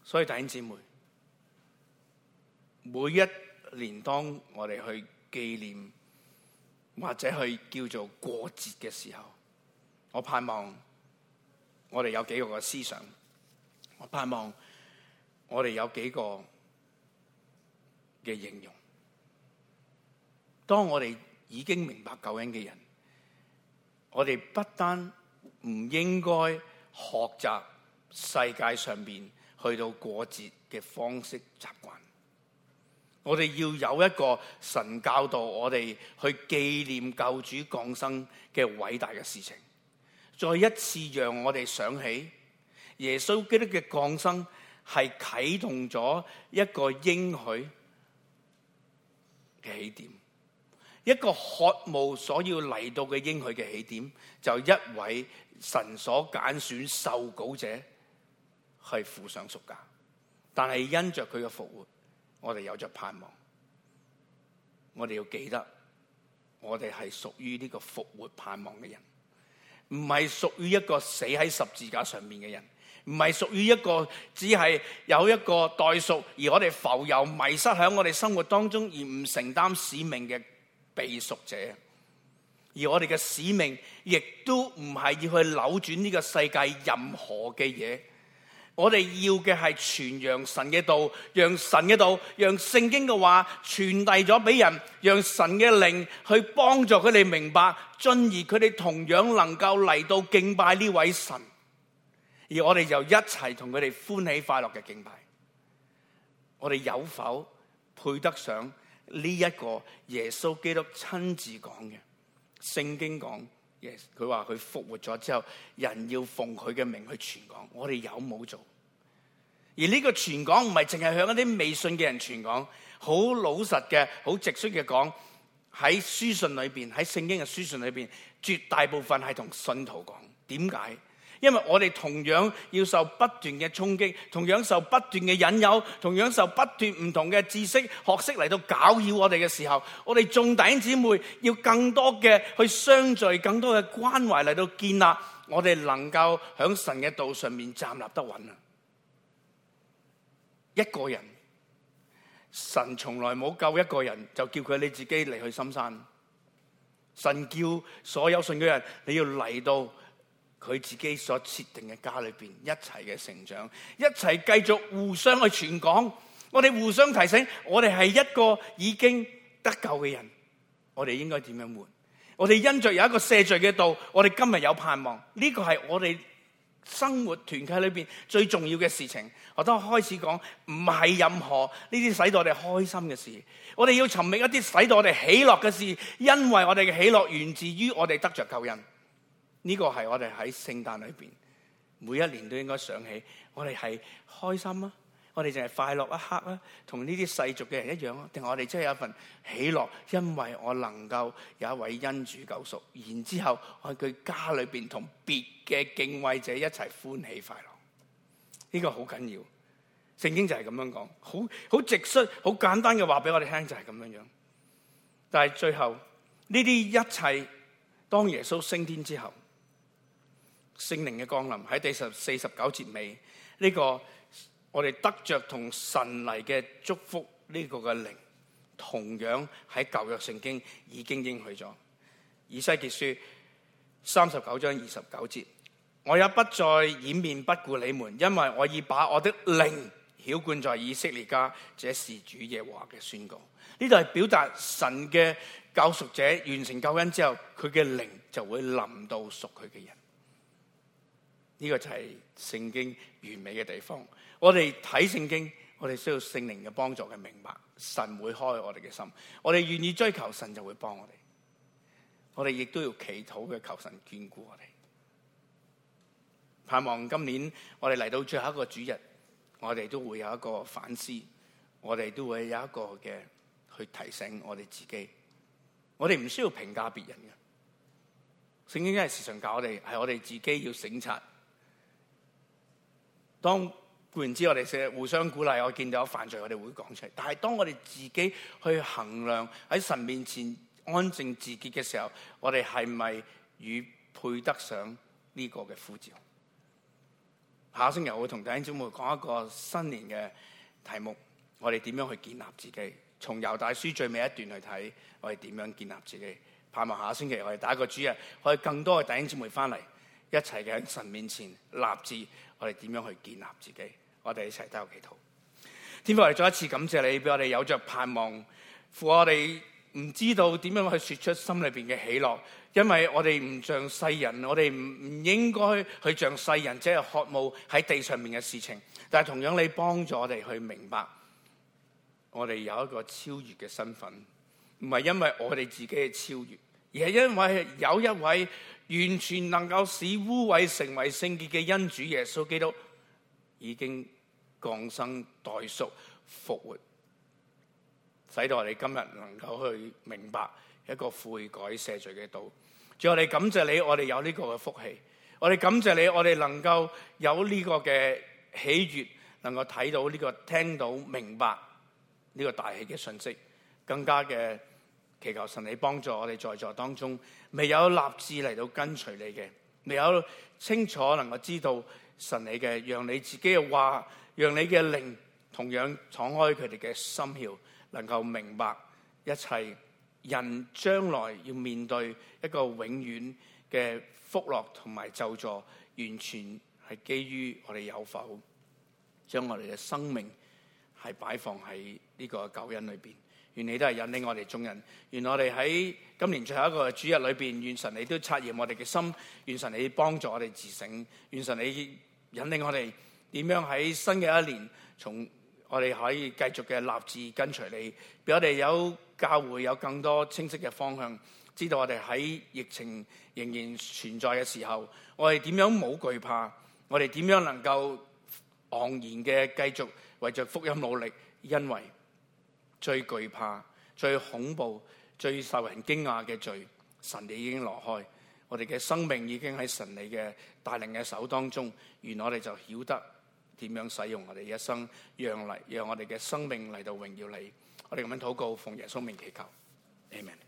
所以弟兄姊妹，每一年當我哋去紀念或者去叫做過節嘅時候，我盼望我哋有幾個嘅思想，我盼望我哋有幾個嘅應用。當我哋已經明白救恩嘅人，我哋不單唔應該，學習世界上邊去到過節嘅方式習慣，我哋要有一個神教導我哋去紀念救主降生嘅偉大嘅事情，再一次讓我哋想起耶穌基督嘅降生係啟動咗一個應許嘅起點，一個渴慕所要嚟到嘅應許嘅起點，就一位。神所揀選受膏者係負上贖價，但係因着佢嘅復活，我哋有着盼望。我哋要記得，我哋係屬於呢個復活盼望嘅人，唔係屬於一個死喺十字架上面嘅人，唔係屬於一個只係有一個代贖，而我哋浮游迷失喺我哋生活當中而唔承擔使命嘅被贖者。而我哋嘅使命，亦都唔係要去扭轉呢個世界任何嘅嘢。我哋要嘅係傳揚神嘅道，讓神嘅道，讓聖經嘅話傳遞咗俾人，讓神嘅靈去幫助佢哋明白，進而佢哋同樣能夠嚟到敬拜呢位神。而我哋就一齊同佢哋歡喜快樂嘅敬拜。我哋有否配得上呢一個耶穌基督親自講嘅？聖經講耶，佢話佢復活咗之後，人要奉佢嘅名去傳講。我哋有冇做？而呢個傳講唔係淨係向一啲未信嘅人傳講，好老實嘅、好直率嘅講喺書信裏邊，喺聖經嘅書信裏邊，絕大部分係同信徒講。點解？因為我哋同樣要受不斷嘅衝擊，同樣受不斷嘅引誘，同樣受不斷唔同嘅知識學識嚟到攪擾我哋嘅時候，我哋眾弟兄姊妹要更多嘅去相聚，更多嘅關懷嚟到建立，我哋能夠喺神嘅道上面站立得穩啊！一個人，神從來冇救一個人，就叫佢你自己嚟去深山。神叫所有信嘅人，你要嚟到。佢自己所設定嘅家裏邊一齊嘅成長，一齊繼續互相去傳講。我哋互相提醒，我哋係一個已經得救嘅人。我哋應該點樣活？我哋因着有一個赦罪嘅道，我哋今日有盼望。呢個係我哋生活團契裏邊最重要嘅事情。我都開始講，唔係任何呢啲使到我哋開心嘅事。我哋要尋覓一啲使到我哋喜樂嘅事，因為我哋嘅喜樂源自於我哋得着救恩。呢個係我哋喺聖誕裏邊每一年都應該想起，我哋係開心啊，我哋淨係快樂一刻啊，同呢啲世俗嘅人一樣啊，定我哋真係有一份喜樂，因為我能夠有一位恩主救贖，然之後我喺佢家裏邊同別嘅敬畏者一齊歡喜快樂，呢個好緊要，聖經就係咁樣講，好好直率，好簡單嘅話俾我哋聽就係咁樣樣，但係最後呢啲一切，當耶穌升天之後。聖靈嘅降臨喺第十四十九節尾，呢、呢個我哋得着同神嚟嘅祝福呢個嘅靈，同樣喺舊約聖經已經應許咗。以西結書三十九章二十九節，我也不再掩面不顧你們，因為我已把我的靈曉灌在以色列家，這是主耶和華嘅宣告。呢度係表達神嘅救贖者完成救恩之後，佢嘅靈就會臨到屬佢嘅人。呢個就係聖經完美嘅地方。我哋睇聖經，我哋需要聖靈嘅幫助嘅明白。神會開我哋嘅心，我哋願意追求神就會幫我哋。我哋亦都要祈禱嘅，求神眷顧我哋。盼望今年我哋嚟到最後一個主日，我哋都會有一個反思，我哋都會有一個嘅去提醒我哋自己。我哋唔需要評價別人嘅。聖經真係時常教我哋，係我哋自己要省察。當固然之，我哋成日互相鼓勵。我見到有犯罪，我哋會講出嚟。但係當我哋自己去衡量喺神面前安靜自潔嘅時候，我哋係咪與配得上呢個嘅呼召？下星期我會同弟兄姐妹講一個新年嘅題目，我哋點樣去建立自己？從猶大書最尾一段去睇，我哋點樣建立自己？盼望下星期我哋打一個主日，可以更多嘅弟兄姐妹返嚟。一齊嘅喺神面前立志，我哋點樣去建立自己？我哋一齊都有祈禱。天父，我哋再一次感謝你，俾我哋有着盼望，父，我哋唔知道點樣去說出心裏邊嘅喜樂，因為我哋唔像世人，我哋唔唔應該去像世人，即係渴慕喺地上面嘅事情。但係同樣，你幫助我哋去明白，我哋有一個超越嘅身份，唔係因為我哋自己嘅超越，而係因為有一位。完全能夠使污穢成為聖潔嘅恩主耶穌基督已經降生、代贖、復活，使到我哋今日能夠去明白一個悔改赦罪嘅道。最後，我哋感謝你，我哋有呢個嘅福氣；我哋感謝你，我哋能夠有呢個嘅喜悅，能夠睇到呢、這個、聽到、明白呢個大喜嘅信息，更加嘅祈求神你幫助我哋在座當中。未有立志嚟到跟隨你嘅，未有清楚能夠知道神你嘅，讓你自己嘅話，讓你嘅靈同樣敞開佢哋嘅心竅，能夠明白一切。人將來要面對一個永遠嘅福樂同埋救助，完全係基於我哋有否將我哋嘅生命係擺放在呢個救恩裏邊。願你都係引領我哋眾人，願我哋喺今年最後一個主日裏面，願神你都察驗我哋嘅心，願神你幫助我哋自省，願神你引領我哋點樣喺新嘅一年，從我哋可以繼續嘅立志跟隨你，俾我哋有教會，有更多清晰嘅方向，知道我哋喺疫情仍然存在嘅時候，我哋點樣冇懼怕，我哋點樣能夠昂然嘅繼續為着福音努力，因為，最懼怕、最恐怖、最受人驚訝嘅罪，神你已經挪開，我哋嘅生命已經喺神你嘅大能嘅手當中，原來我哋就曉得點樣使用我哋一生，讓嚟讓我哋嘅生命嚟到榮耀你。我哋咁樣禱告，奉耶穌名祈求，阿門。